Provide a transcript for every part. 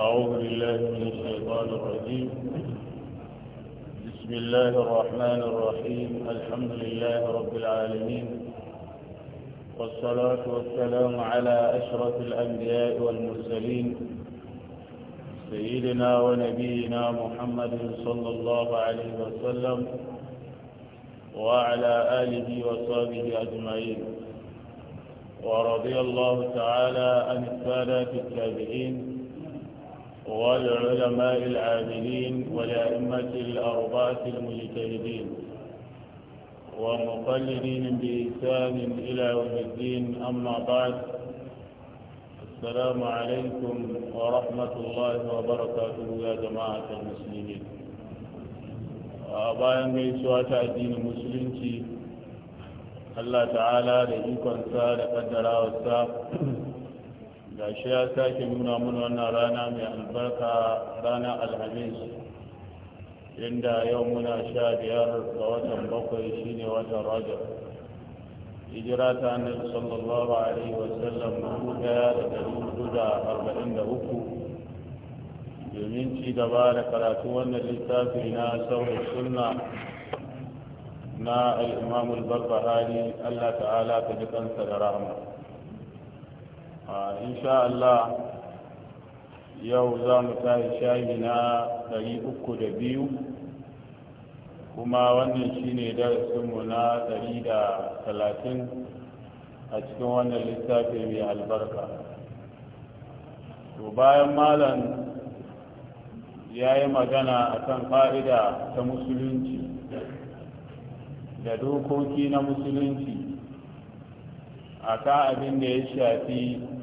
أعوذ بالله من الشيطان الرجيم بسم الله الرحمن الرحيم الحمد لله رب العالمين والصلاة والسلام على أشرف الأنبياء والمرسلين سيدنا ونبينا محمد صلى الله عليه وسلم وعلى آله وصحبه أجمعين ورضي الله تعالى عن السادات التابعين والعلماء العاملين والأئمة الأربعة المجتهدين ومقلدين بإحسان إلى يوم الدين أما بعد السلام عليكم ورحمة الله وبركاته يا جماعة المسلمين bayan من ta الدين المسلمين الله تعالى da سالة da kaddarawarsa gashi ya sake nuna mun wannan rana mai albarka rana alhamis inda yau muna sha biyar ga watan bakwai shine watan rajab hijira ta annabi sallallahu alaihi wasallam dubu daya da dari hudu da arba'in da uku domin ci gaba da karatu wannan littafi na saurin sunna na al'imamul barbahari allah ta'ala Ka ji kansa da rahama insha Allah yau za mu tashi shayi na 302 kuma wannan shine darasinmu na 130 a cikin wannan littafi mai albarka to bayan malam ya yi magana akan fa'ida ta musulunci da dokoki na musulunci a abin da ya shafi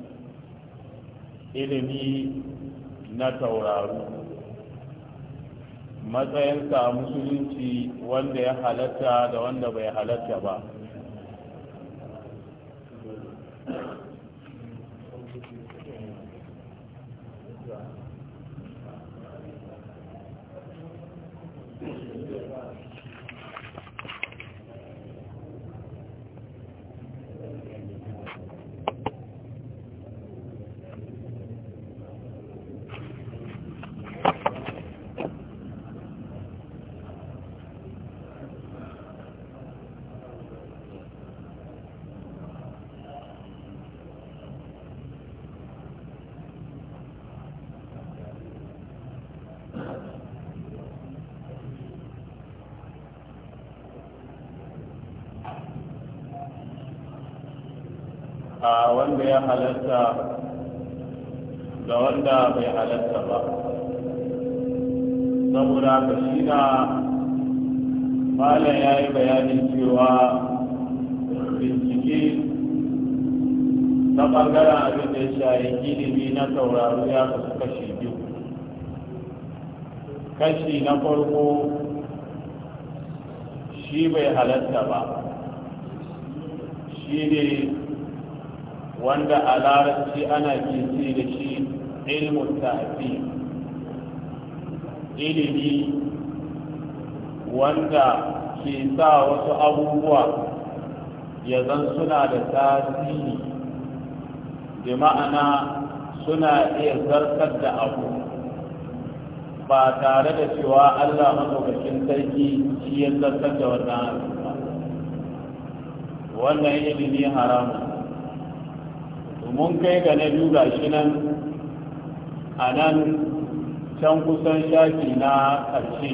ilimi na tauraro matsayin musulunci wanda ya halatta da wanda bai halatta ba a wanda ya halatta da wanda bai halatta ba saboda ka shi na malam ya yi bayanin cewa bincike na ɓangaren abin da ya shayi ilimi na sauraro ya kasu kashi biyu kashi na farko shi bai halatta ba shi ne wanda a larabci ana kici da shi ilmun tafi ilimi wanda ke sa wasu abubuwa ya zan suna da tasiri da ma'ana suna iya zartar da abu ba tare da cewa allah maɗaukakin sarki shi ya zartar da wannan abu wannan ilimi haramun mun kai ga na biyu shi nan a nan can kusan shafi na ƙarshe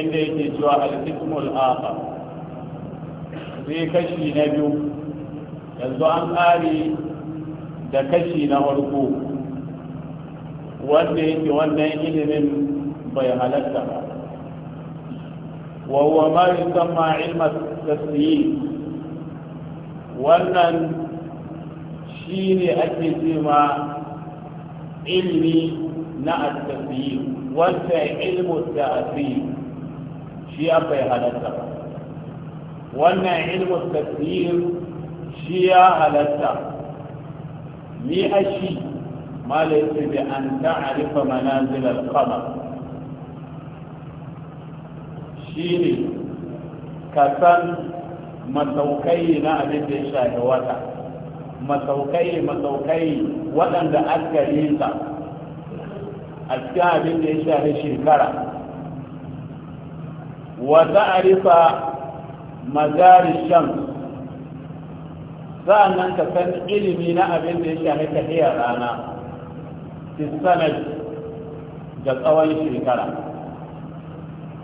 inda yake cewa alhikmul akhar sai kashi na biyu yanzu an ƙare da kashi na farko wanda yake wannan ilimin bai halatta ba wa huwa ma yusamma ilma tasyiq wannan shi ne ake ce ma ilmi na asasi wanda ilmu ta'asi shi ya bai halatta wannan ilmu tasir shi ya halatta ni a shi ma laifi da an ta'arifa manazilar kamar shi ne ka san masaukai na abin da ya shafi wata masaukai masaukai waɗanda aka yi sa a cikin abin da ya shafi shekara wata arifa mazari shan nan ka san ilimi na abin da ya shafi tahiyar rana sanar da tsawon shekara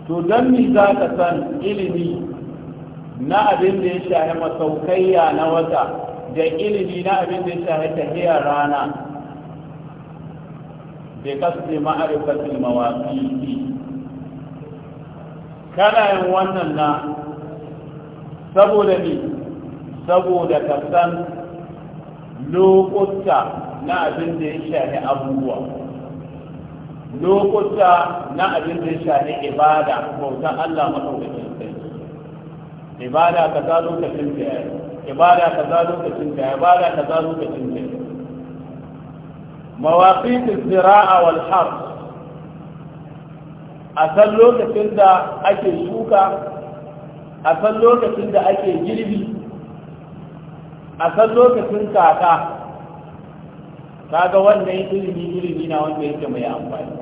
to don ni za ka san ilimi na abin da ya shafi masaukaiya na wata da ilimi na abin da ya shahi tahiyar rana bi kasbi ma'arifatil mawaqiti kana yin wannan na saboda ni saboda ka san lokuta na abin da ya shahi abubuwa lokuta na abin da ya shahi ibada bautan Allah madaukakin sai ibada ka zo ka tinta yayi ibada kaza lokacin ta ibada kaza lokacin ta mawaqit az-zira'a wal harb a san lokacin da ake shuka a san lokacin da ake girbi a san lokacin kaka kaga wannan ilimi ilimi na wanda yake mai amfani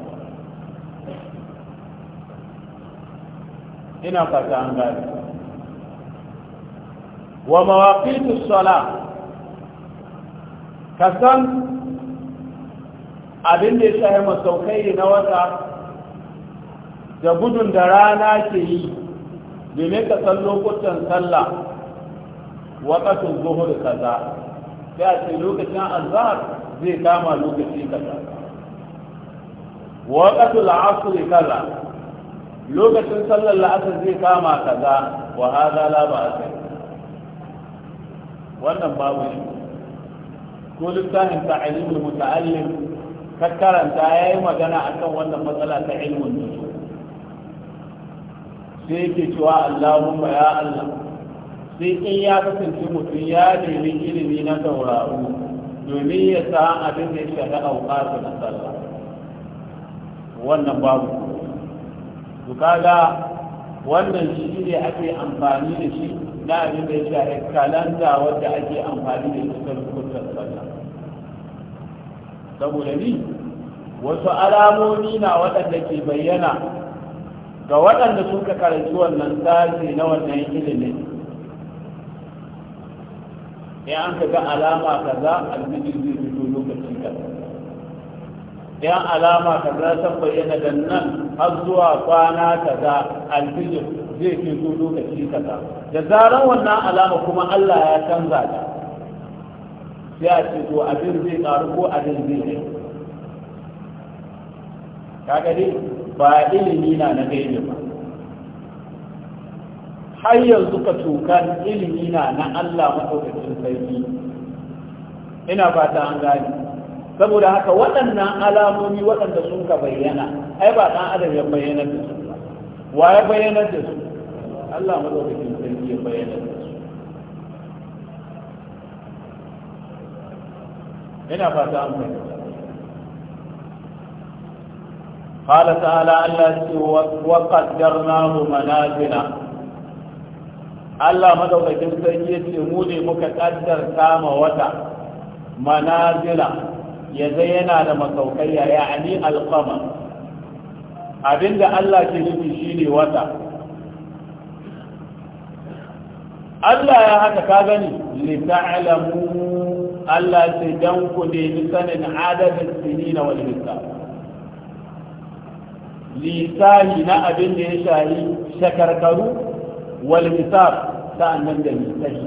ina fata an gane wa mawaƙitus sala ka san abin da ya shahi masaukai na wata da gudun da rana ke yi domin ka san lokutan sallah waƙatun zuhur kaza sai a ce lokacin azhar zai kama lokaci kaza waƙatul asr kaza lokacin sallar la'asar zai kama kaza wa hada la ba'sa wannan babu shi ko littafin ta'alimul muta'allim kakkaranta ya yi magana akan wannan matsala ta ilimin nusu sai yake cewa Allahumma ya Allah sai in ya kasance mutum ya nemi ilimi na sauraro domin ya sa abin da ya shafi auƙatu na sallah wannan babu su kaga wannan shi ne ake amfani da shi na abin da ya shafi kalanda wadda ake amfani da ita ta rukutar sallah saboda ni wasu alamomi na waɗanda ke bayyana ga waɗanda suka karanci wannan tsari na wannan ilimin ya an ka ga alama kaza alfijir zai fito lokaci kaza ya alama kaza ta bayyana da nan har zuwa kwana kaza alfijir zai fi zo lokaci kaza da zaran wannan alama kuma Allah ya canza ta sai a ce to abin zai karu ko abin zai ne Ka dai ba ilimi na na gaibe ba har yanzu ka tukar ilimi na na Allah maɗaukacin sarki ina fata an gani saboda haka waɗannan alamomi waɗanda sun ka bayyana ai ba ɗan adam ya bayyana da su wa ya bayyana da su Allah madaukakin sarki ya bayyana da su ina fata an fahimta قال تعالى التي وقدرناه منازل Allah madaukakin sarki ya ce mu ne muka kaddar kama wata manazila ya zai yana da masaukai ya ani alqama abinda Allah ke nufi shine wata Allah ya haka ka gani li ta'lamu Allah sai dan ku ne ni sanin adadin sinina wal hisab lisani na abin da ya shari shakarkaru wal hisab sa'annan da lisahi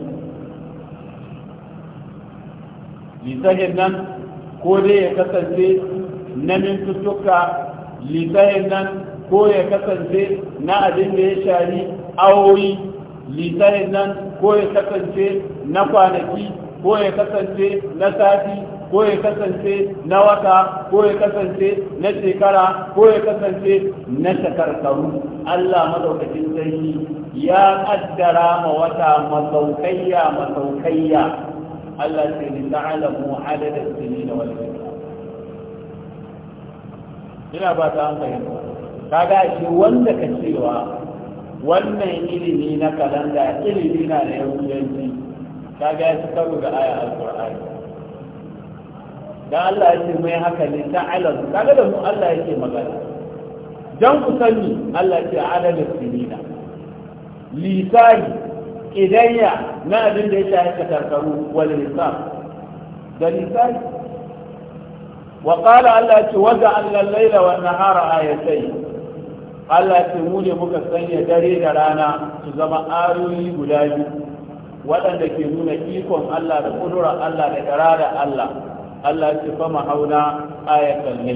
lisahin nan ko dai ya kasance na mintuttuka lisahin nan ko ya kasance na abin da ya shari awoyi litanin nan ko ya kasance na kwanaki ko ya kasance na sati ko ya kasance na wata ko ya kasance na shekara ko ya kasance na shakarkaru Allah madaukakin sarki ya kaddara ma wata masaukayya masaukayya Allah ce ni ta'alamu adada sinina wal ina ba ta an fahimta kaga shi wanda ka cewa wannan ilimi na kalanda ilimi na da yahudanci ta ga su karu ga aya alƙur'ani Da Allah ya ce mai haka ne ta alam kaga da mu Allah ya ke magana dan ku sani Allah ya ce adal sinina lisani idayya na abin da ya shafi karkaru wani lisan da lisani وقال الله وجعلنا الليل والنهار آيتين Allah ce mu ne muka sanya dare da rana su zama ayoyi guda biyu waɗanda ke nuna ikon Allah da kudura Allah da da Allah Allah ce fama hauna ayatan ne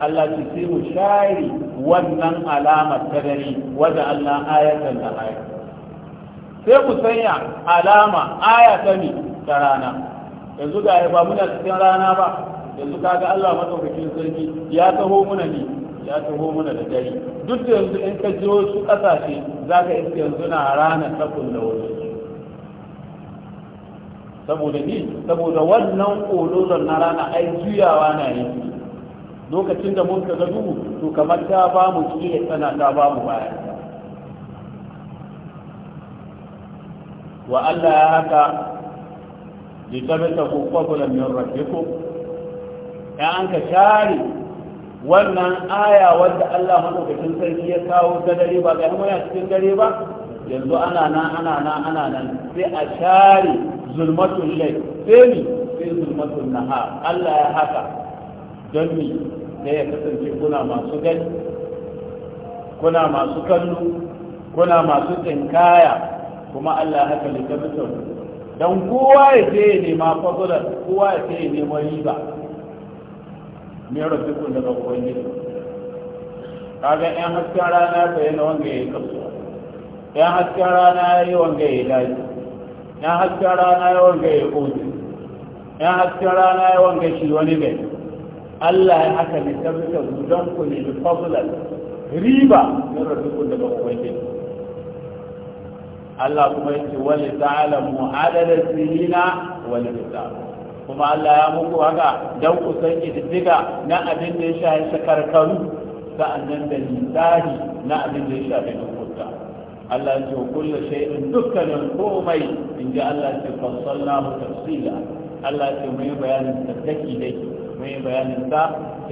Allah ce sai mu share wannan alamar ta dare wanda Allah ayatan da aya sai ku sanya alama ayata ne ta rana yanzu ga ba muna cikin rana ba yanzu kaga Allah madaukakin sarki ya taho muna ne ya taho mana da dare duk da yanzu in ka jiro su kasashe za ka su yanzu na ranar takun da wasu saboda ni saboda wannan ƙolozon na rana ai juyawa na yi lokacin da mun ga duhu to kamar ta ba mu ciye tsana ta ba mu baya wa Allah ya haka litabata ku kwakwulan min rabbikum ya an ka share wannan aya wadda Allah madaukakin sarki ya kawo ta dare ba ga muna cikin dare ba yanzu ana nan ana nan ana nan sai a share zulmatul lay sai ni sai zulmatul nahar Allah ya haka don ni da ya kasance kuna masu gani kuna masu kallo kuna masu tsinkaya kuma Allah ya haka littafin don kowa ya je ya nema fadlar kowa ya je ya nema riba min rabbikum daga ubangiji kaga yan hasken rana ta yana wanga yayi kasuwa yan hasken rana yayi wanga yayi laji yan hasken rana yayi wanga yayi oji yan hasken rana yayi wanga shi wani bai Allah ya haka ne tabbata gudan ku ne da fadlan riba min rabbikum daga ubangiji Allah kuma yace wal ta'lamu adada sinina wal hisab kuma Allah ya muku haka don ku san ƙididdiga na abin da ya shafi shakarkaru sa'annan da lissahi na abin da ya shafi lokuta Allah ya ce kulle kullu shay'in dukkanin komai in ji Allah ce na mu tafsila Allah ce mu yi bayanin da daki daki yi bayanin ta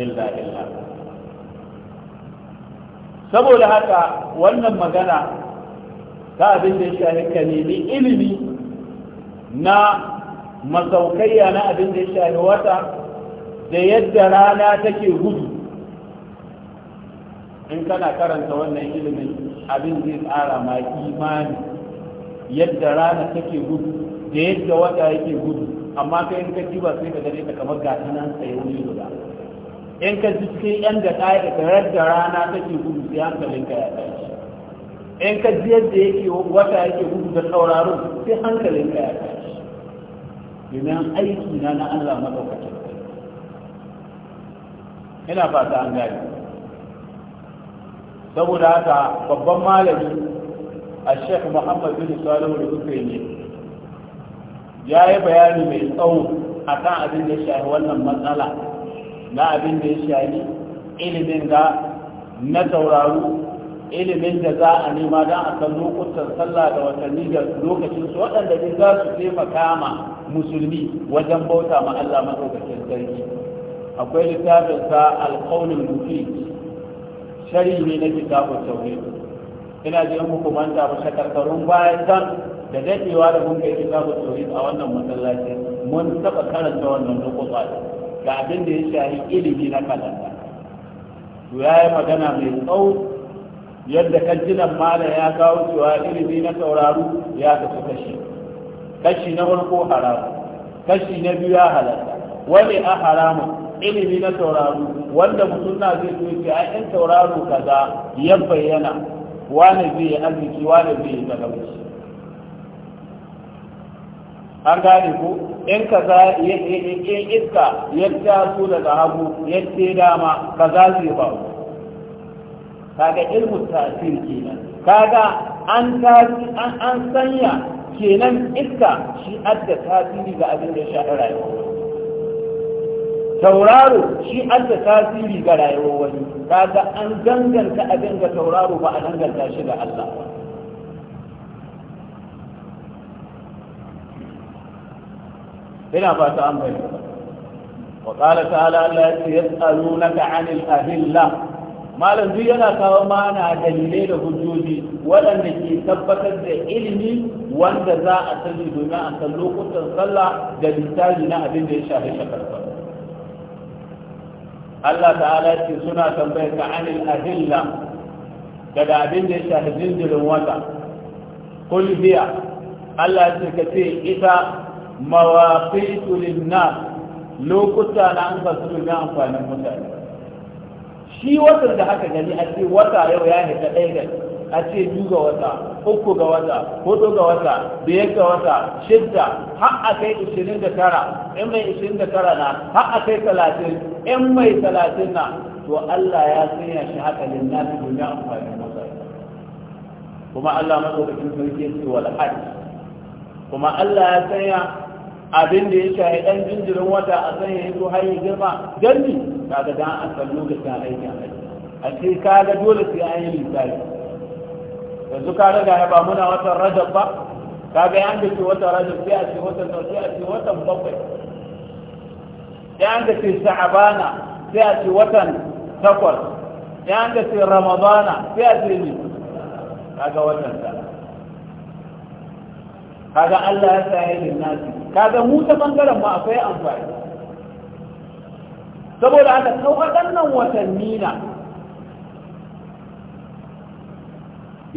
illa illa saboda haka wannan magana ta abin da ya shafi ka nemi ilimi na masaukaiya na abin da ya shafi wata da yadda rana take gudu in kana karanta wannan ilimin abin zai tsara ma imani yadda rana take gudu da yadda wata yake gudu amma kai in ka ji ba sai ka gane ta kamar gata nan tsaye wuri guda in ka ji sai yan da ɗaya da yadda rana take gudu sai ka ya tashi in ka ji yadda yake wata yake gudu da sauraro sai ka ya tashi domin aiki na na Allah madaukakin ina fata an gari. saboda haka babban malami a sheikh muhammad bin salihu da suka yi ya yi bayani mai tsawo a kan abin da ya wannan matsala na abin da ya shayi ilimin da na tauraro ilimin da za a nema don a san lokutan sallah da watanni da lokacinsu waɗanda ne za su taimaka ma musulmi wajen bauta ma Allah madaukakin sarki akwai littafin sa alqaulul mufid sharihi ne na kitabun sauri ina ji muku manta ba shakarkarun bayan kan da dadewa da mun kai kitabun sauri a wannan masallaci mun saba karanta wannan lokuta ga abin da ya shahi ilimi na kalanda to ya yi magana mai tsawo yadda kan jinan mala ya kawo cewa ilimi na sauraro ya kasu kashi kashi na farko haram kashi na biyu ya halatta wani a haramu ilimi na tauraro wanda mutum na zai so ce a in tauraro kaza ya bayyana wani zai yi arziki wani zai yi talauci an gane ko in kaza in iska ya taso daga hagu ya ce dama kaza zai ba kaga ilmu tasir kenan kaga an an sanya kenan iska shi adda tasiri ga abin da ya shafi rayuwa tauraro shi adda tasiri ga rayuwar wani kaga an danganta abin ga tauraro ba a danganta shi ga Allah ina fata an bayyana wa qala ta'ala la yas'alunaka 'anil ahilla malam duk yana kawo mana dalilai da hujjoji waɗanda ke tabbatar da ilimi wanda za a sani domin a san lokutan sallah da misali na abin da ya shafi shakar Allah ta'ala ce suna tambayar ka anil ahilla daga abin da ya shafi jinjirin wata kul biya Allah ce ka ce ita mawaqitu lin lokuta na an fasu amfanin mutane shi watan da aka gani a ce wata yau ya hita ɗaya da a ce biyu ga wata uku ga wata hudu ga wata biyar ga wata shidda har a kai ishirin da tara in mai ishirin da tara na har a kai talatin in mai talatin na to Allah ya sanya shi haka lillahi duniya amfani masa kuma Allah madaukakin sarki ya ce wal hajj kuma Allah ya sanya abin da ya shahi ɗan jinjirin wata a san ya zo har ya girma don ni ga dan an da ta aiki a ce ga dole sai an yi lissafi yanzu ka ya ba muna watan rajab ba ga yan da ke watan rajab sai a ce watan sau sai a ce watan bakwai yan da ke sha'abana sai a ce watan takwas yan da ke ramadana sai a ce ka ga watan ta kaga Allah ya sa yi nasi kaga mu ta bangaren ma akwai amfani saboda haka sau waɗannan watanni na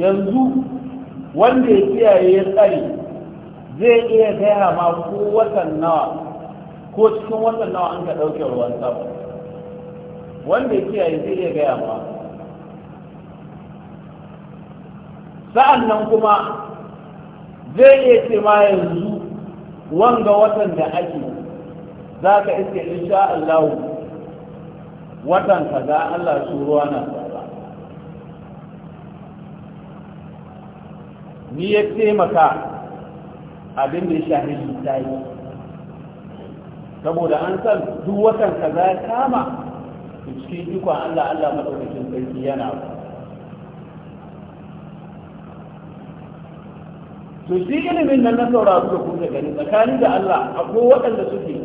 yanzu wanda ya kiyaye ya tsare zai iya gaya ma ko watan nawa ko cikin watan nawa an ka ɗauke ruwan sama wanda ya kiyaye zai iya gaya ma sa'an nan kuma zai iya ce ma yanzu wanga watan da ake za ka iske sha Allah watan kaza Allah su ruwa na tsara ni ya taimaka abin da ya ta yi. saboda an san duk watan kaza ya kama cikin jikon Allah Allah maɗaukakin sarki yana ba to shi ilimin nan na sauraro da kuka gani tsakani da Allah akwai waɗanda suke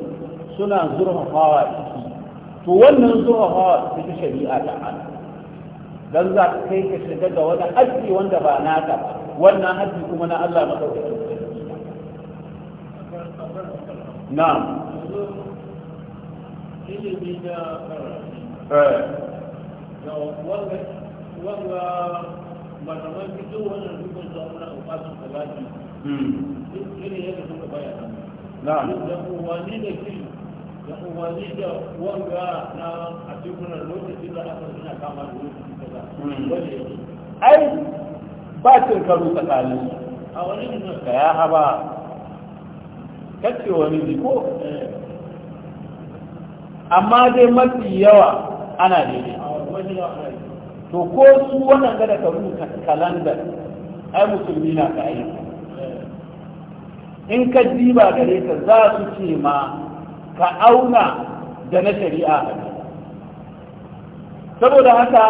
suna zurfafawa ciki to wannan zurfafawa ita shari'a ta Allah dan za ka kai ka shiga da wani haƙƙi wanda ba naka wannan haƙƙi kuma na Allah madaukakin na'am ilimi da eh. wanga wanga ba kamar fito wannan rukun sa wannan ubasu ba shi ne yadda suka baya na'am da umarni da shi da umarni da wanga na a cikin lokacin da aka suna kama da lokacin kaza hmm. wanda ai ba cin karo tsakanin a wani ne ka ya haba kace wani ne ko eh. amma dai mafi yawa ana daidai to ko su waɗanda da ka rubuta kalandar ai musulmi na ka aiki in ka diba gare ka za su ce ma ka auna da na shari'a a saboda haka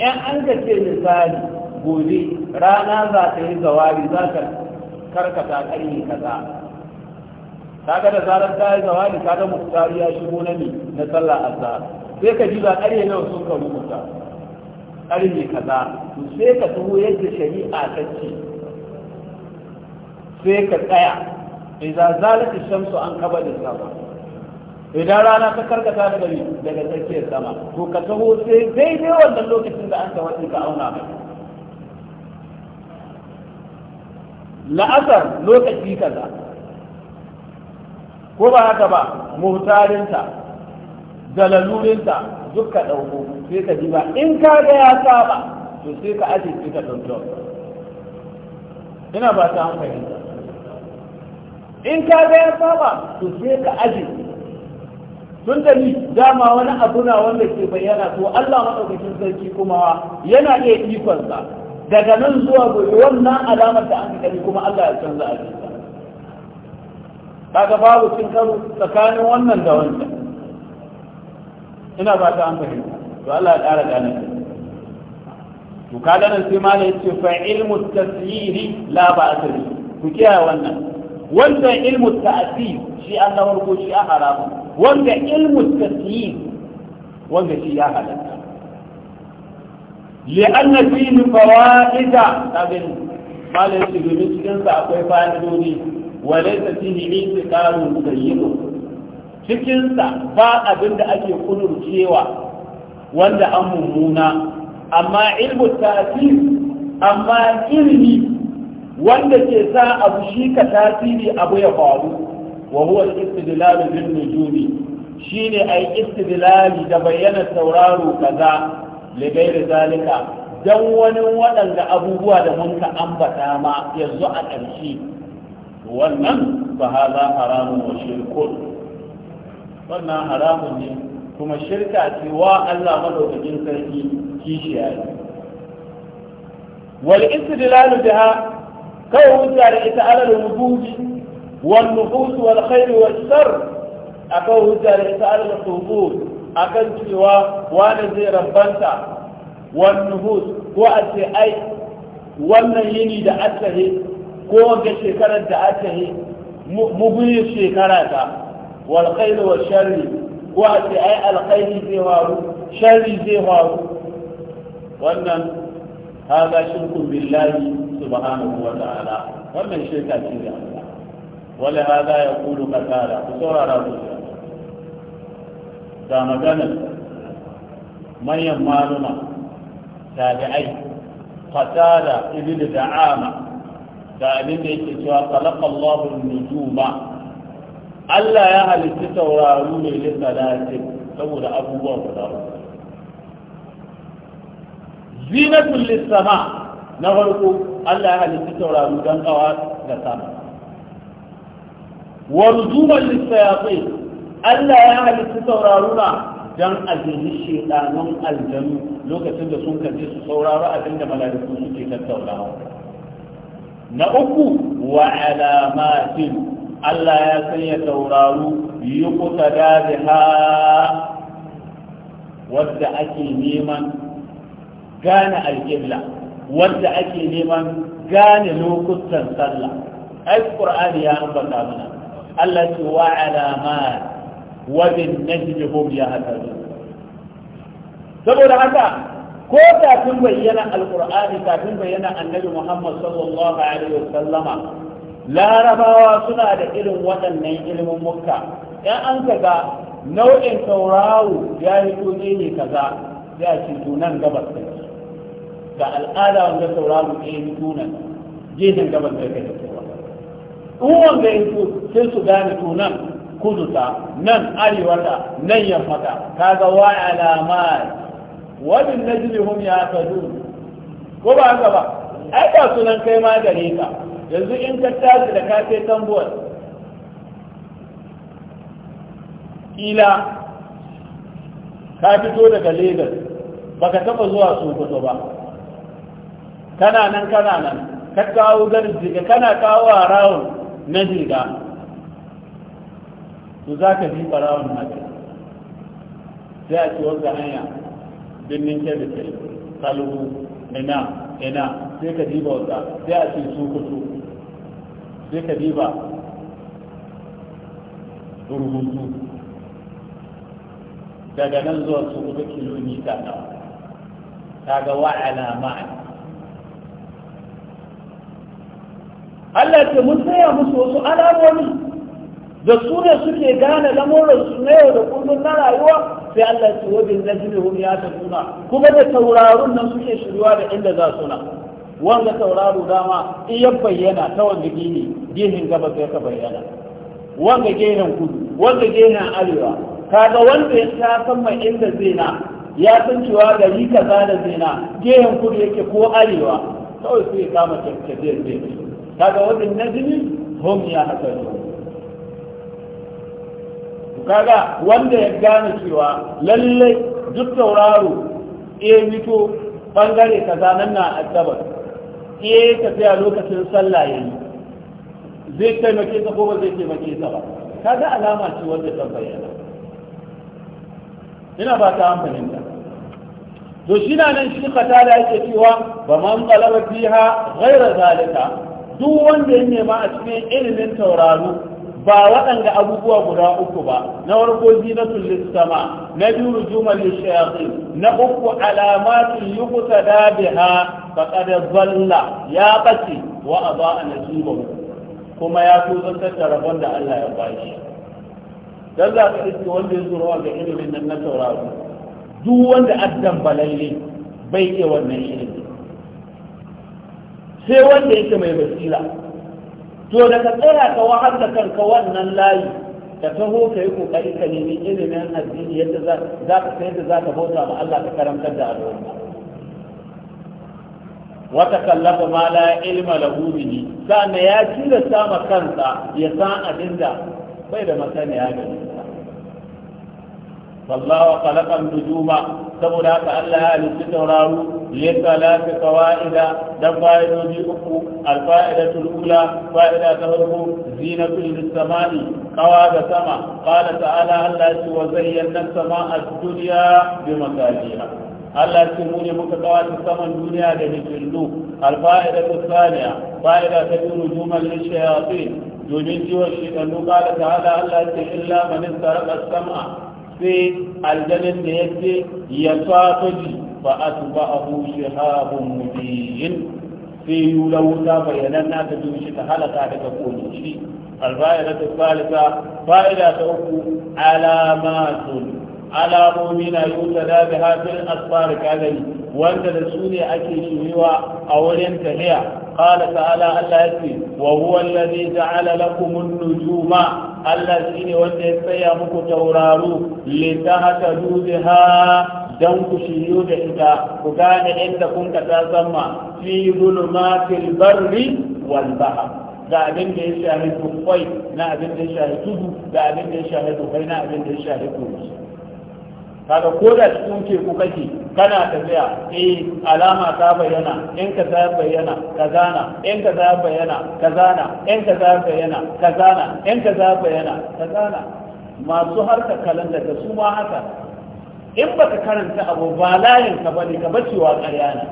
‘yan an ga ce misali gobe rana za ta yi zawari za ta karkata karni kaza ga da zarar ta yi zawari kaga muktari ya shigo na ne na sallah azhar sai ka ji za ƙarni nawa sun ka rubuta ƙarni kaza to sai ka taho yadda shari'a ta ce sai ka tsaya idan zalika shamsu an kaba da sama idan rana ta karkata gari daga tsakiyar sama to ka taho sai daidai wannan lokacin da an ka wani ka auna mai la'asar lokaci kaza ko ba haka ba muhtarinta da lalurinta duk ka ɗauko sai ka ba. in ka ga ya saba to sai ka aje sai ka ɗauko ina ba ta amfani in ka ga ya saba to sai ka aje tun da ni dama wani abu na wanda ke bayyana to Allah maɗaukakin sarki kuma yana iya ikonsa daga nan zuwa gobe wannan alamar da an gani kuma Allah ya canza a kaga babu cin karo tsakanin wannan da wancan ina ba ta amfani to Allah ya ƙara gane to kada nan sai malai yace fa ilmu tasyih la ba asali ku kiya wannan wanda ilmu ta'sir shi Allah na shi a haramun wanda ilmu tasyih wanda shi ya halatta li'anna fihi fawaida tabin malai yace domin cikin sa akwai fa'idodi wa laysa fihi intiqalun sayyi'un cikinsa ba abin da ake cewa wanda an mummuna amma ilmu tasiri amma ilmi wanda ke sa abu shi ka tasiri abu ya faru wa huwa istidlal bil nujumi shine ai istidlali da bayyana sauraro kaza li ghairi zalika dan wani waɗanda abubuwa da mun ka ambata ma yanzu a ƙarshe wannan fa hadha haramun wa shirkun wannan haramun ne kuma shirka ce wa Allah madaukakin sarki kishiya ne wal istidlalu biha kawai hujja da ita alal wujubi wal nufus wal khair wal shar akan hujja da ita alal thubut akan cewa wani zai rabbanta wal nufus ko a ce ai wannan yini da aka ko ga shekarar da aka yi mubin shekara ta wal khairu ko a ce ai alkhairi zai faru sharri zai faru wannan hada shirkun billahi subhanahu wa ta'ala wannan shirka ce da Allah wala hada yaqulu qatala ku saurara ku da maganar manyan maluma tabi'ai da abin da yake cewa khalaqa Allahu Allah ya halitta tauraru ne lin malatik saboda abubuwan guda zinatul lisama na farko Allah ya halitta tauraru don kawa da sama wa rujuman Allah ya halitta tauraru na don azini shedanun aljanu lokacin da sun kaje su sauraro abin da malaiku suke tattaunawa na uku wa alamatin Allah ya sanya tauraru yi kusa da ha wadda ake neman gane alƙibla wadda ake neman gane lokutan sallah ai qur'ani ya ambata mana Allah ce wa alama wa bin najmi ya yahtadun saboda haka ko kafin bayyana alqur'ani kafin bayyana annabi Muhammad sallallahu alaihi wasallama larabawa suna da irin waɗannan ilimin mukka in an kaga nau'in taurawu ya yi tuni ne kaza ya ce tunan gabas da ga al'ada wanda taurawu ya yi tunan gefen gabas da kai in wanda ya yi sai su gane tunan kuduta nan arewata nan yammata ga wa wajen na jirgin ya tadun ko ba haka ba ai ba sunan kai ma gare ka yanzu in ka tashi da kafe tambuwar kila ka fito daga lagos baka taba zuwa sokoto ba kana nan kana nan ka kawo garin jiga kana kawo a rawun na jiga to za ka jifa rawun na sai a ciwon ga hanya birnin kebe kalubu ina ina sai ka jifa wata sai a ce sokoto sai ka diba rubutu daga nan zuwa su kuma kilomita na ta ga wa'ala ma'an Allah ce mun tsaya musu wasu alamomi da su ne suke gane lamuransu na yau da kullum na rayuwa sai Allah ce wabin na jini ya ta kuma da taurarun nan suke shiruwa da inda za su na. wanda tauraro dama in ya bayyana ta wanda gini gehen gaba sai ka bayyana wanda gehen kudu wanda gehen arewa kaga wanda ya sa san mai inda zina ya san cewa gari kaza da zina gehen kudu yake ko arewa kawai sai ya kama kyakkyar zai kaga wajen najini hom ya haka kaga wanda ya gane cewa lallai duk tauraro ya eh, mito bangare kaza nan na asabar iya tafiya lokacin sallah yayi zai taimake ka ko ba zai taimake ka ba kaga alama ce wanda ta bayyana ina ba ta amfanin ta to shi na nan shi kata da yake cewa ba man qalaba fiha ghayra zalika duk wanda ya nema a cikin ilimin tauraro ba waɗanda abubuwa guda uku ba na farko zinatul sama na biyu rujumal shayatin na uku alamatin yuqtada biha faqad zalla ya bace wa aba nasibahu kuma ya tozantar da rabon da Allah ya bashi dan za ka iske wanda ya zuwa ga ilimin nan na wanda bai wannan ilimi sai wanda yake mai basira to da ka tsaya ka waharta da kanka wannan layi ka taho ka yi kokari ka nemi ilimin addini yadda za ka sayar da za ka bauta ma Allah ka karantar da al'umma wata kallafa ma la ilma lahu bihi sa'an ya tilasta sama kansa ya san abin da bai da masaniya ga wallahu khalaqa nujuma saboda haka Allah ya halitta tauraru ya talaka kawa'ida dan fa'idoji uku alfa'idatu alula fa'ida ta farko zinatul samani, qawa da sama qala ta'ala Allah ya ce wa zayyana as sama a dunya bi masajiha Allah ce mu ne muka kawata saman duniya da hikillu alfa'ida ta saniya fa'ida ta bi rujuman lishayatin domin ciwon shekaru kala ta hada Allah ce illa manin sarrafa sama sai aljanin da ya ce ya fato ji ba a tuba a hushe habun mubiyin sai yula wuta bayanan na ta shi ta halaka daga kone shi alfa'ida ta salisa fa'ida ta uku alamatun alamomi na yuta da bi hafin asfar kagani wanda da su ne ake shiriwa a wurin tahiya قال Allah الله يكفي وهو الذي جعل لكم النجوم الله شيني وانت يسيا مكو تورارو لتهتدوا بها دنك شيود إذا وكان عندكم كتسمى في ظلمات البر والبحر ga abin da ya shahi tuffai na abin da ya shahi tudu da abin da ya shahi tuffai na abin da ya shahi kaga ko da cikin teku kake kana tafiya eh alama ta bayyana in ka ta bayyana ka zana in ka ta bayyana ka zana in ka ta bayyana ka in ka ta bayyana ka masu harka kalanda da su ma haka in baka karanta abu ba layin ka bane ka bacewa ƙarya ne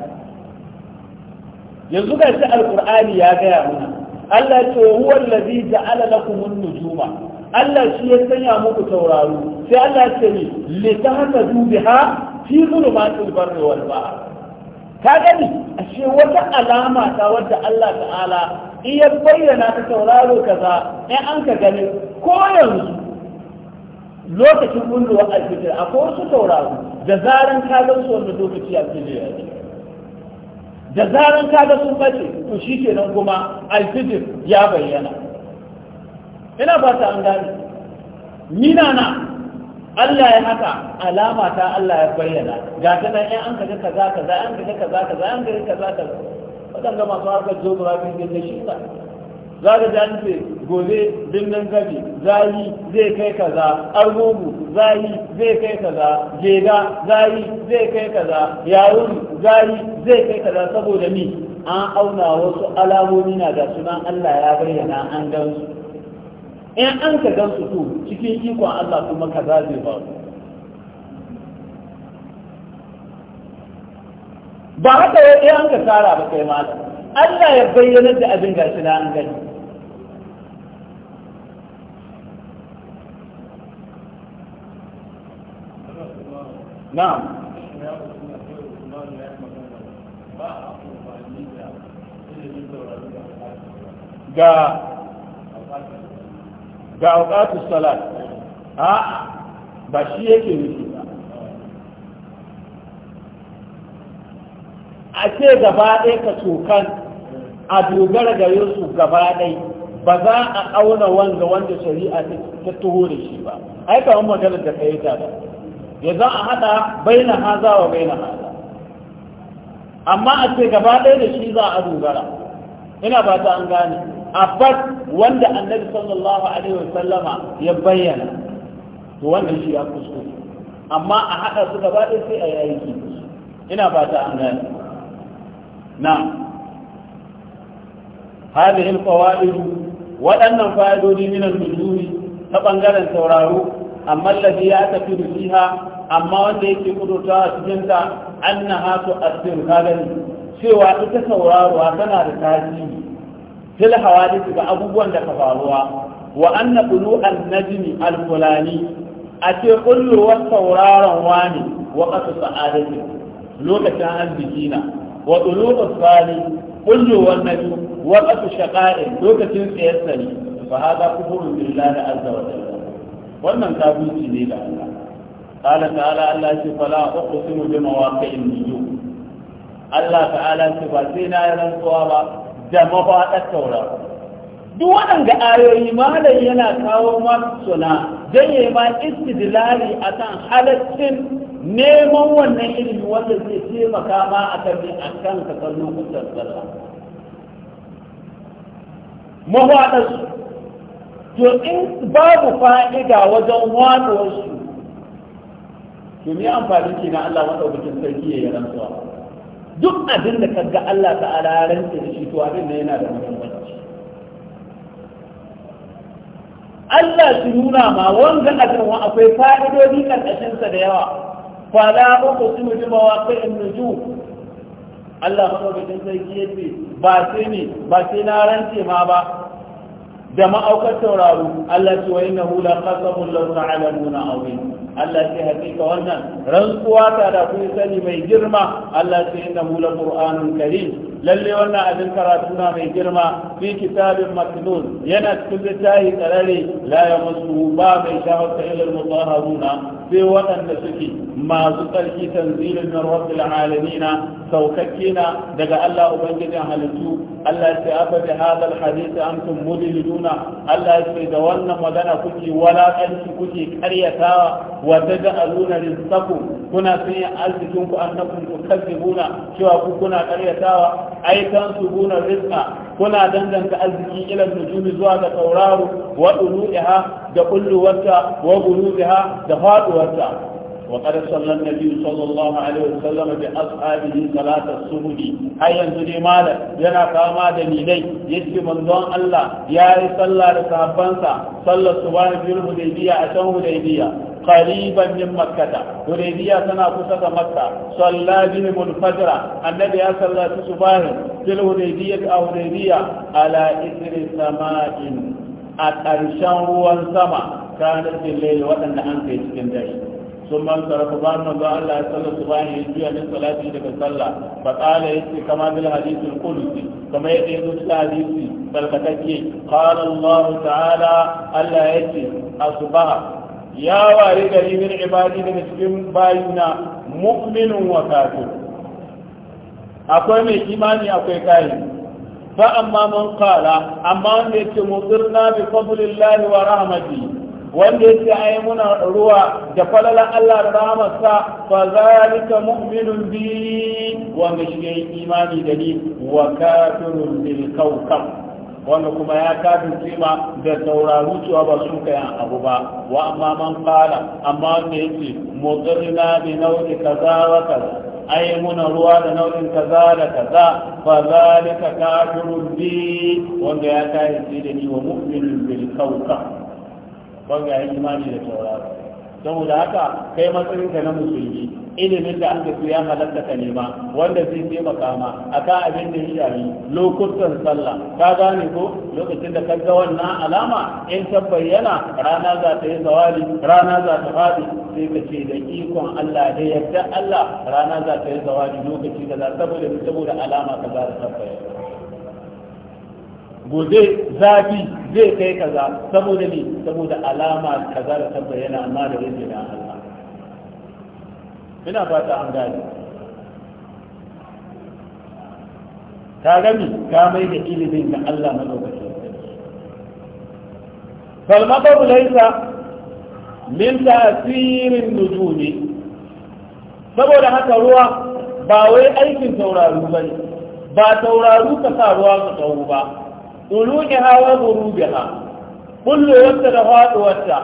yanzu ga shi alqur'ani ya gaya mana Allah ce huwa allazi ja'ala lakumun nujuma Allah shi ya sanya muku tauraro sai Allah ya ce ni li tahtadu biha fi zulumatil barri wal bahr ka gani ashe wata alama ta wadda Allah ta'ala iya bayyana ta tauraro kaza in an ka gani ko yanzu lokacin bullowa alfitir akwai wasu tauraro da zaran ka ga su wanda lokaci ya ce da zaran ka ga sun bace to shi kenan kuma alfijir ya bayyana ina ba ta an gane Ni na Allah ya haka alama ta Allah ya bayyana ga ta nan an kaga kaza kaza an kaga kaza kaza an kaga kaza kaza ga masu harkar geography ne da shi ba za ka ja ce gobe birnin gabi zayi zai kai kaza argungu zayi zai kai kaza jega zayi zai kai kaza yawon zayi zai kai kaza saboda ni an auna wasu alamomi na da sunan allah ya bayyana an gansu in an ka gan su to cikin ikon Allah kuma ka zai ba su ba haka ya an ka tsara ba kai mata Allah ya bayyana da abin gashi na an gani na'am ga ga auqatus salat a ba shi yake nufi ba a ce gaba ɗaya ka tsokan, a dogara ga su gaba ɗaya ba za a auna wanga wanda shari'a ta taho da shi ba ai wani maganar da yi ta ba ya za a haɗa bai na haza wa bai na haza amma a ce gaba ɗaya da shi za a dogara ina ba ta an gane abbas wanda annabi sallallahu alaihi sallama ya bayyana to wannan shi ya kuskure amma a haɗa su gaba ɗaya sai a yayi aiki ina ta an gane na هذه الفوائد waɗannan fa'idodi minan nujumi ta ɓangaren sauraro amma lafi ya tafi fiha amma wanda yake kudurta a cikinta an na hatu asir kagani cewa ita sauraro tana da tasiri Tila fil hawadith ga abubuwan da ka faruwa wa anna qulu an-najmi al-fulani a ce wa tauraron wani wa qasu sa'adati lokacin arziki na wa qulu sali kulluwar nabi wa qasu shaqa'i lokacin tsayar sani fa hada kufurun billahi azza wa jalla wannan kafirci ne da Allah قال تعالى الله فلا أقسم بمواقع النجوم Allah ta'ala ce ba sai na yi rantsuwa ba da mafaɗar tauraro duk waɗanda ayoyi malam yana kawo masu masuna don yi ma istidilari a kan neman wannan ilimi wanda zai taimaka ma a kan a kan ka kallon kutar sallah to in babu fa'ida wajen watsuwarsu to me amfani ke na Allah bukin sarki ya yi rantsuwa duk abin da ga Allah ta'ala ya da shi to abin ne yana da muhimmanci Allah shi nuna ma wanga abin wa akwai fa'idodi karkashin sa da yawa fa fala uqsimu bi mawaqi'in nujum Allah madaukakin sai ki yace ba sai ne ba sai na rance ma ba da ma'aukar tauraro Allah ce wa innahu la qasamun law ta'lamuna awin Allah ce hakika wannan rantsuwa ta da kun sani mai girma Allah ce inna hu qur'anun karim lalle wannan abin karatu na mai girma fi kitabin maknun yana cikin littafi tsarare la yamassu ba mai shahata ta al-mutahharuna sai waɗanda suke masu tsarki tanzilin na rabbil alamin saukakke na daga Allah ubangijin halittu Allah ce afa bi hadha al-hadith antum mudilluna Allah ce da wannan magana kuke walakanci kuke karyatawa wa taj'aluna rizqakum kuna sanya arzikin ku annakum tukadzibuna cewa ku kuna karyatawa ai tansubuna rizqa kuna danganta arziki ila nujumi zuwa ga tauraro wa duluha da kullu wata wa guluha da faduwarta وقد صلى النبي صلى الله عليه وسلم بأصحابه صلاة الصبح أي ينزل مالا ينا كاما دليلي يجب من دون الله يا صلى لصحابانسا صلى الصبح في الهديبية أشان هديبية قريبا من مكة هديبية سنة قصة مكة صلى بهم الفجر النبي صلى الصبح في الهديبية أو هديبية على إثر سماء أكرشان ruwan sama kanar da waɗanda an kai cikin dare sun man sarrafa ba nan ba Allah ya sallar su bayan ya juya min salati daga sallah fa qala yace kama bil hadith al qudsi kama yadda yazo cikin hadisi balkatacce qala Allah ta'ala Allah yace asbaha ya wari gari min ibadi daga cikin bayina mu'minun wa kafir akwai mai imani akwai amma kafir فأما من قال أما أن يتمضرنا بفضل wa ورحمته wanda ya ce ai muna ruwa da falalan Allah da rahamarsa fa zalika mu'minun bi wanda shi imani da ni wa kafirun bil kawkab wanda kuma ya kafin cewa da sauraro cewa ba su kayan abu ba wa amma man fara amma wanda ya ce motsirina bi nau'i kaza wa kaza ai muna ruwa da nau'in kaza da kaza fa zalika kafirun bi wanda ya kafin da ni wa mu'minin bil kauka bangayen imani da tauraro saboda haka kai matsayinka na musulmi ilimin da an gasu ya halatta ka nema wanda zai taimaka ma a ka abin da ya shafi lokutan sallah ka gane ko lokacin da ka ga wannan alama in ta bayyana rana za ta yi zawali rana za ta fadi sai ka ce da ikon Allah da yadda Allah rana za ta yi zawali lokaci da za saboda saboda alama ka za ta bayyana gobe zafi zai kai kaza saboda ne saboda alama kaza da ta yana amma da yake da Allah ina fata an gane ta gami ka mai da ilimin ga Allah na lokacin فالمطر min من تأثير ne. saboda haka ruwa ba wai aikin tauraru ba ne ba tauraru ka sa ruwa ka tsawo ba ulujiha wa ghurubiha kullu wata da faduwarta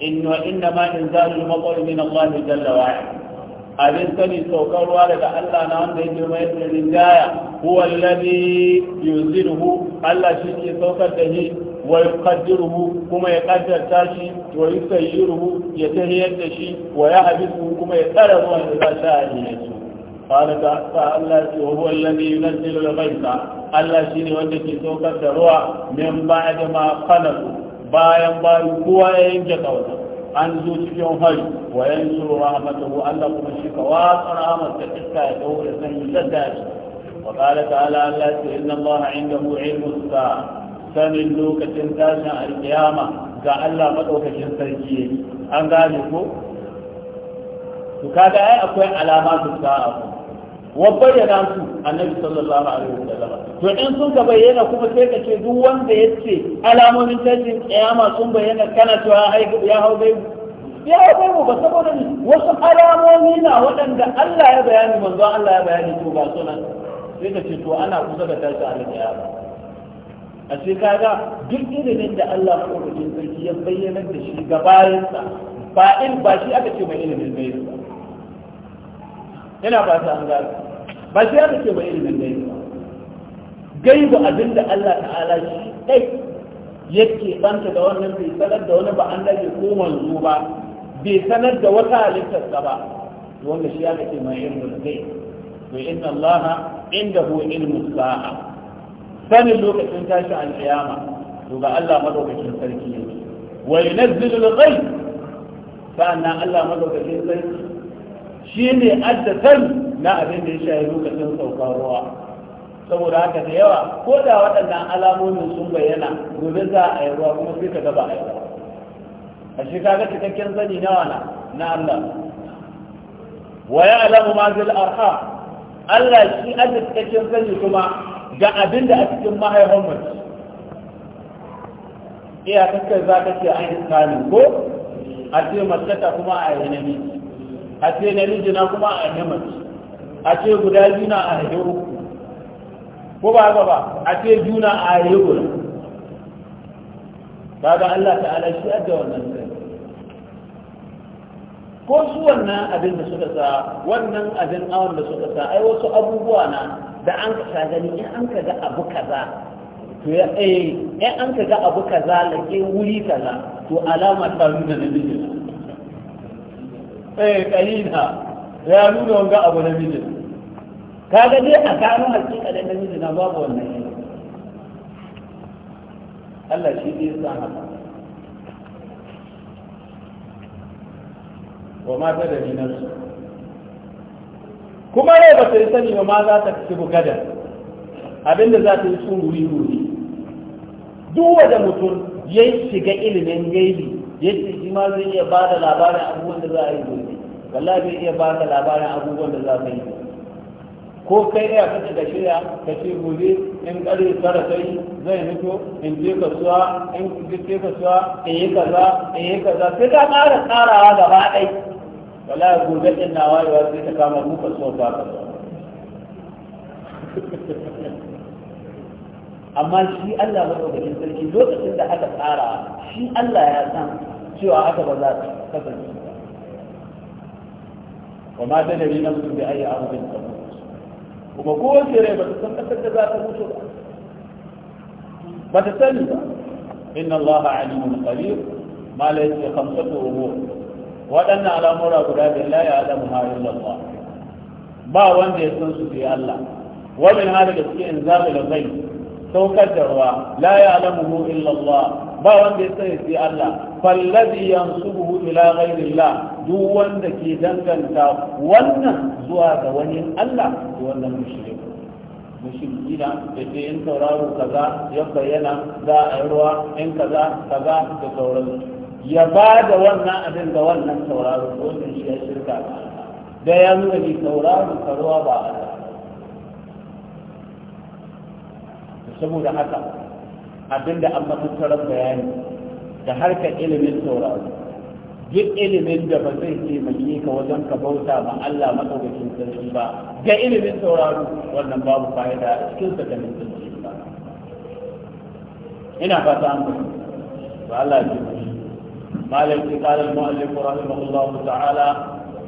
inna inna ma inzalul maqal min Allah jalla wa abin sani saukar ruwa daga Allah na wanda yake mai ringaya huwa alladhi yunziluhu Allah shi ke saukar da shi wa yuqaddiruhu kuma ya kaddarta shi wa yusayyiruhu ya tahiyar da shi wa ya habisu kuma ya tsara ruwan da za sha a قال تعالى الله وهو الذي ينزل الغيث الله شيني wanda ke saukar da ruwa min ba'da ma qanatu bayan bayu kowa ya yanke kawata an zo cikin hari wa yansuru rahmatahu Allah kuma shi ka watsa rahmatta iska ya da daure san yadda wa qala ta'ala Allah inna Allah indahu ilmu sa'a sanin lokacin tashin alkiyama ga Allah madaukakin sarki yake an gane ko to kaga ai akwai alama su sa'a wa bayyana su annabi sallallahu alaihi sallam to in sun ka bayyana kuma sai ka ce duk wanda ya ce alamomin tashin kiyama sun bayyana kana cewa ya hau gaibu ya hau gaibu ba saboda ni wasu alamomi na waɗanda Allah ya bayani manzo Allah ya bayani to ba sunan sai ka ce to ana kusa da tashi alkiyama a sai kaga duk ilimin da Allah da sarki ya bayyana da shi gabayinsa ba in ba shi aka ce mai ilimin bayyana yana ba ta an gano ba sai ya ce ba ilimin gaibu ba gaibu abin da Allah ta'ala shi dai yake banta da wannan bai sanar da wani ba an annabi ko manzo ba bai sanar da wata halittarsa ba wanda shi aka ce mai ilmul gaibu to inna Allah indahu ilmu sa'a sanin lokacin tashi al-qiyama to ga Allah madaukakin sarki ne wa yunazzilu al-ghaib sa'annan Allah madaukakin sarki shi ne addasar na abin da ya shayi lokacin saukar ruwa saboda haka da yawa ko da waɗannan alamomin sun bayyana gobe za a yi ruwa kuma sai ka gaba a yi ruwa a shi kaga cikakken sani nawa na na Allah wa ya alamu ma zil arha Allah shi Allah cikakken sani kuma ga abin da a cikin mahaifan mace iya kakkar za ka ce an yi ko a ce mace ta kuma a yi namiji a ce na na kuma a haifi mace a ce guda juna a haifi uku ko ba ba ba a ce juna a haifi guda ga Allah ta'ala shi adda wannan sai ko su wannan abin da suka sa wannan abin awon da suka sa ai wasu abubuwa na da an ka sha gani in an ka ga abu kaza to ya eh in an ka ga abu kaza lake wuri kaza to alama ta nuna na mijina eh kalina ya nuna wanga abu na mijin Ka ga dai a gano hakika da namiji na babu wannan shi Allah shi ne san haka wa mata da ninarsu kuma ne ba su yi sani ba ma za ta ci bugada abinda za ta yi sun wuri wuri duk wanda mutum ya shiga ilimin gaibi yadda shi ma zai iya ba da labarin abubuwan da za a yi gobe wallahi bai iya baka labarin abubuwan da za ka yi ko kai ya kace da shirya ka ce gobe in ƙarfe tara kai zai mutu in je kasuwa in je kasuwa in yi kaza in yi kaza sai ka ƙara tsarawa gaba ɗai wallahi gobe ɗin na wayewa sai ta kama mu suwa ba kasuwa amma shi Allah madaukakin sarki lokacin da aka tsara shi Allah ya san cewa aka ba za ta kasance wa ma ta na mutum da ayi arzin ta kuma kowace rai ba ta san kasar da za ta mutu ba ba ta sani ba inna Allah alimun qadir ma la yake khamsatu waɗannan al'amura guda da la ya adamu ha illa ba wanda ya san saukar da la ya alamu ba wanda ya sani sai Allah fallazi yansubuhu ila ghairillah duk wanda ke danganta wannan zuwa ga wani Allah to wannan mushrik mushrikina da ke yin sauraro kaza ya bayyana za a yi ruwa in kaza kaza da sauransu ya ba da wannan abin da wannan sauraro wannan shi ya shirka da ya nuna ni sauraro karuwa ba Allah saboda haka abinda an matattarar bayani da harkar ilimin sauraro duk ilimin da ba zai taimake ka wajen ka bauta ma Allah madaukakin sarki ba ga ilimin sauraro wannan babu fa'ida a cikin sa ganin ba ina fata an fahimta ba Allah ya malam ki qala al mu'allif rahimahullahu ta'ala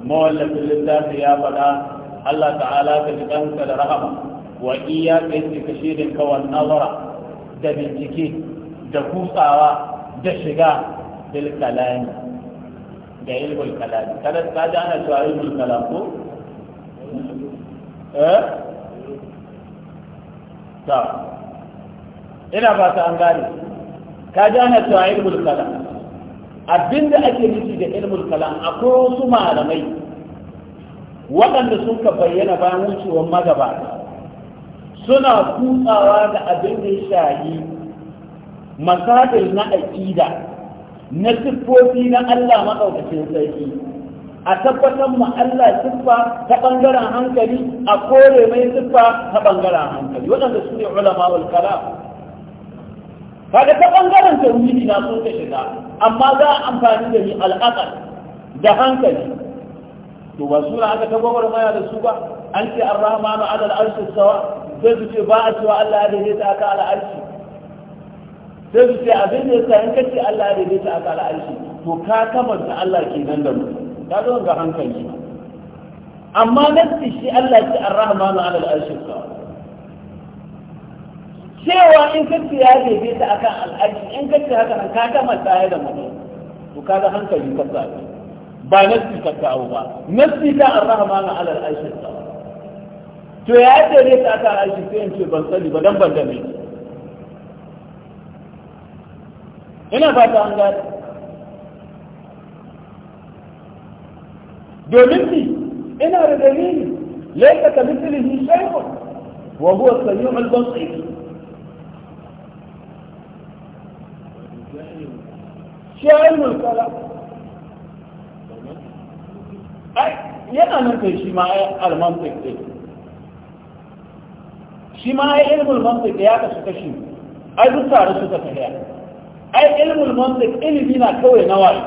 mawallaf lillahi ya fada Allah ta'ala ka jikanka da rahama wa iyyaka istikashirin ka wan nazara da bincike da kusawa da shiga bil kalami da ilmul kalami kada ka ji ana cewa ilmul kalam ko eh ta ina ba ta an gane ka ji ana cewa ilmul kalam abinda ake nufi da ilmul kalam akwai wasu malamai waɗanda suka bayyana bayan wucewar magabata suna kutsawa da abin da ya shahi masadir na aƙida na siffofi na Allah maɗaukacin sarki a tabbatar ma Allah siffa ta ɓangaren hankali a kore mai siffa ta ɓangaren hankali waɗanda su ne ulama wal kalam kaga ta ɓangaren tauhidi na sun ka shiga amma za a amfani da ni al'aqal da hankali to ba suna aka ta gwagwarmaya da su ba an ce ar-rahmanu ala al-arshi sawa sai su ce ba a cewa Allah ya daidaita aka ala arshi sai su ce abin da yasa in kace Allah ya daidaita aka ala arshi to ka kamanta Allah ke nan da mu ka zo ga hankali amma nafsi shi Allah ce ar-rahmanu ala al-arshi sawa cewa in kace ya daidaita akan al-arshi in ce haka ka kamanta ya da mu to ka kaga hankali ka sa ba nafsi ka kawo ba nafsi ka ar-rahmanu alal al-arshi sawa to ya ce ne ta ta aiki sai in ce ban sani ba dan ban dame. ina fata an gane domin ni ina da dalili laika ka mithlihi shay'un wa huwa as-sami'u al-basir shay'ul kalam ai yana nan kai shi ma al-mantiq shi ma ai ilmul mantiq ya kasu shi ai duk tare suka tafiya ai ilmul mantiq ilimi na kawai na wayo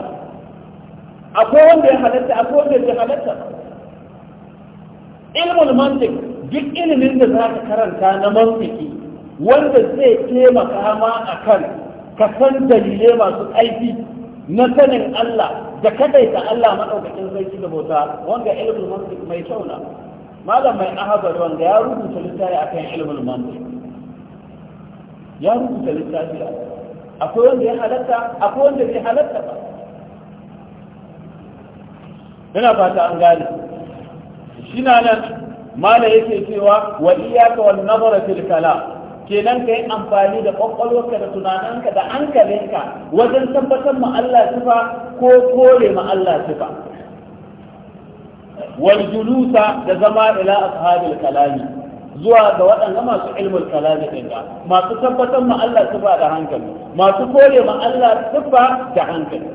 akwai wanda ya halatta akwai wanda ya halatta ilmul mantiq duk ilimin da za ka karanta na mantiki wanda zai taimaka ma akan ka san dalilai masu aiki na sanin Allah da kadaita Allah madaukakin sarki da bauta wanda ilmul mantiq mai kyau na malam mai ahabar wanda ya rubuta littafi a kan ilmul mantiq ya rubuta littafi a akwai wanda ya halatta akwai wanda bai halatta ba ina fata an gane shi na nan malam yake cewa wa iyaka wan nazara fil kalam kenan ka yi amfani da ƙwaƙwalwarka da tunaninka da hankalinka wajen tabbatar ma Allah sifa ko kore ma Allah sifa wal julusa da zama ila ashabil kalami zuwa ga waɗanda masu ilmul kalami din ga masu tabbatar ma Allah sifa da hankali masu kore ma Allah sifa da hankali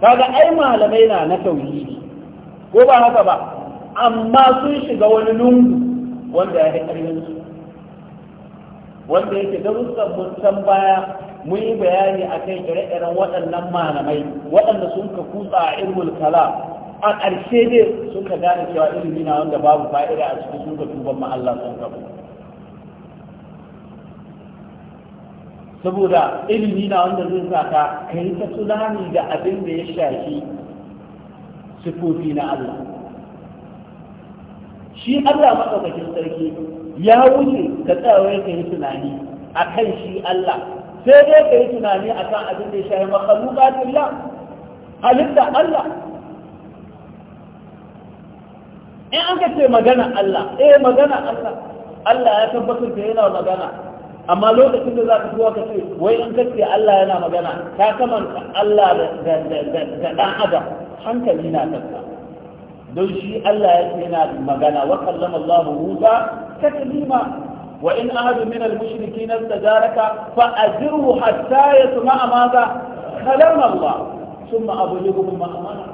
kaga ai malamai na na tauhidi ko ba haka ba amma sun shiga wani lungu wanda ya yi ƙarfin su wanda yake darussan mun san baya mun yi bayani a kai ire-iren waɗannan malamai waɗanda sun ka kutsa a ilmul kalam a ƙarshe dai suka gane cewa ilimi na wanda babu fa'ida a cikin suka tuban ma Allah sun kafa saboda ilimi na wanda zai sa ka kai ta tunani da abin da ya shafi sifofi na Allah shi Allah maɗaukakin sarki ya wuce ka tsawai ka yi tunani a kan shi Allah sai dai ka yi tunani a kan abin da ya shafi ya halitta Allah in an ka ce magana Allah eh magana Allah Allah ya tabbatar da yana magana amma lokacin da za ka zuwa ka ce wai in ka ce Allah yana magana ka kamanta Allah da ɗan adam hankali na kanka don shi Allah ya ce yana magana wa kallama Allah Musa taklima وإن أحد من المشركين استجارك فأجره ma يسمع ماذا كلام الله ثم أبلغه مأمنه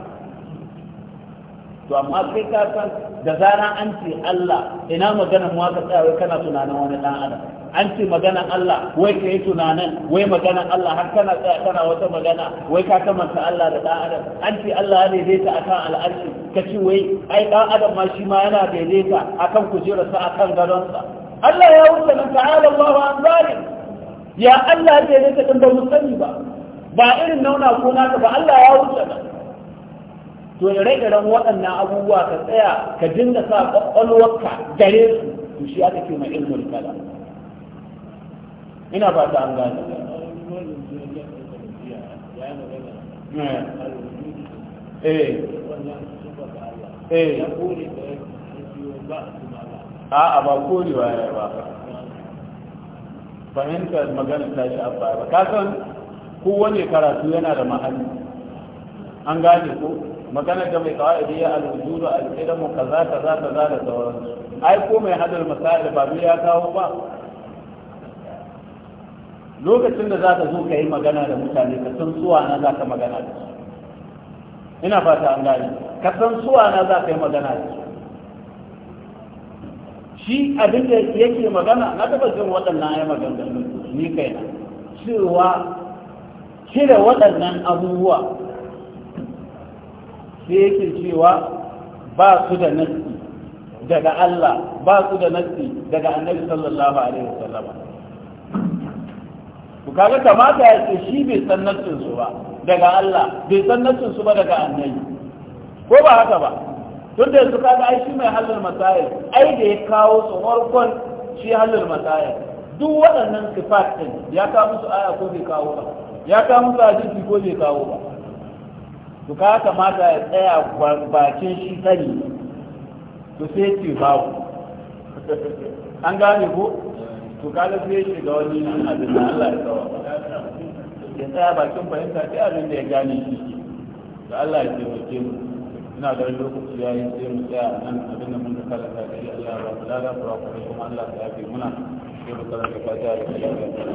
to amma kai ka san da zaran an ce Allah ina maganan mu aka tsaya wai kana tunanin wani dan adam an ce maganan Allah wai ka yi tunanin wai maganan Allah har kana tsaya kana wata magana wai ka kamanta Allah da dan adam an ce Allah ya daidaita akan al'arshi ka ce wai ai dan adam ma shi ma yana daidaita akan kujerarsa akan gadonsa Allah ya wuce nan ta'ala Allahu an zalim ya Allah ya daidaita din ba mu sani ba ba irin nauna ko naka ba Allah ya wuce nan to rage ran waɗannan abubuwa ka tsaya ka dinga sa ƙwaƙwalwarka gare su to shi aka ce mai ilmul kala ina ba ta an gane a eh. eh a'a ba korewa ya ba fahimtar magana ta shi abba ba ka san kowane karatu yana da mahalli an gane ko maganar da mai kawai ya alwujudu alƙidamu kaza kaza kaza da sauran ai ko mai hadar masail ba ya kawo ba lokacin da za ka zo ka yi magana da mutane ka san suwa na za ka magana da su ina fata an gane ka san suwa na za ka yi magana da su shi abin da yake magana na taɓa jin waɗannan ya magana ni kaina cewa cire waɗannan abubuwa sai yake cewa ba su da nasi daga Allah ba su da nasi daga annabi sallallahu alaihi wasallam ku kaga kamata ya ce shi bai san nasin su ba daga Allah bai san nasin su ba daga annabi ko ba haka ba tun da su kaga ai shi mai halal masayar ai da ya kawo su farkon shi halal masayar duk waɗannan sifat ɗin ya kawo musu aya ko bai kawo ba ya kawo musu hadisi ko bai kawo ba to ka kamata ya tsaya bakin shi sani to sai ce babu an gane ko to da sai shi ga wani abin da Allah ya tsawa ya tsaya bakin fahimta sai abin da ya gane shi da Allah ya taimake mu ina da lokaci ya yi sai mu tsaya nan abin da mun da kala ta shi Allah ya ba mu lada kuma kuma Allah ya yafe muna sai mu karanta fatiha da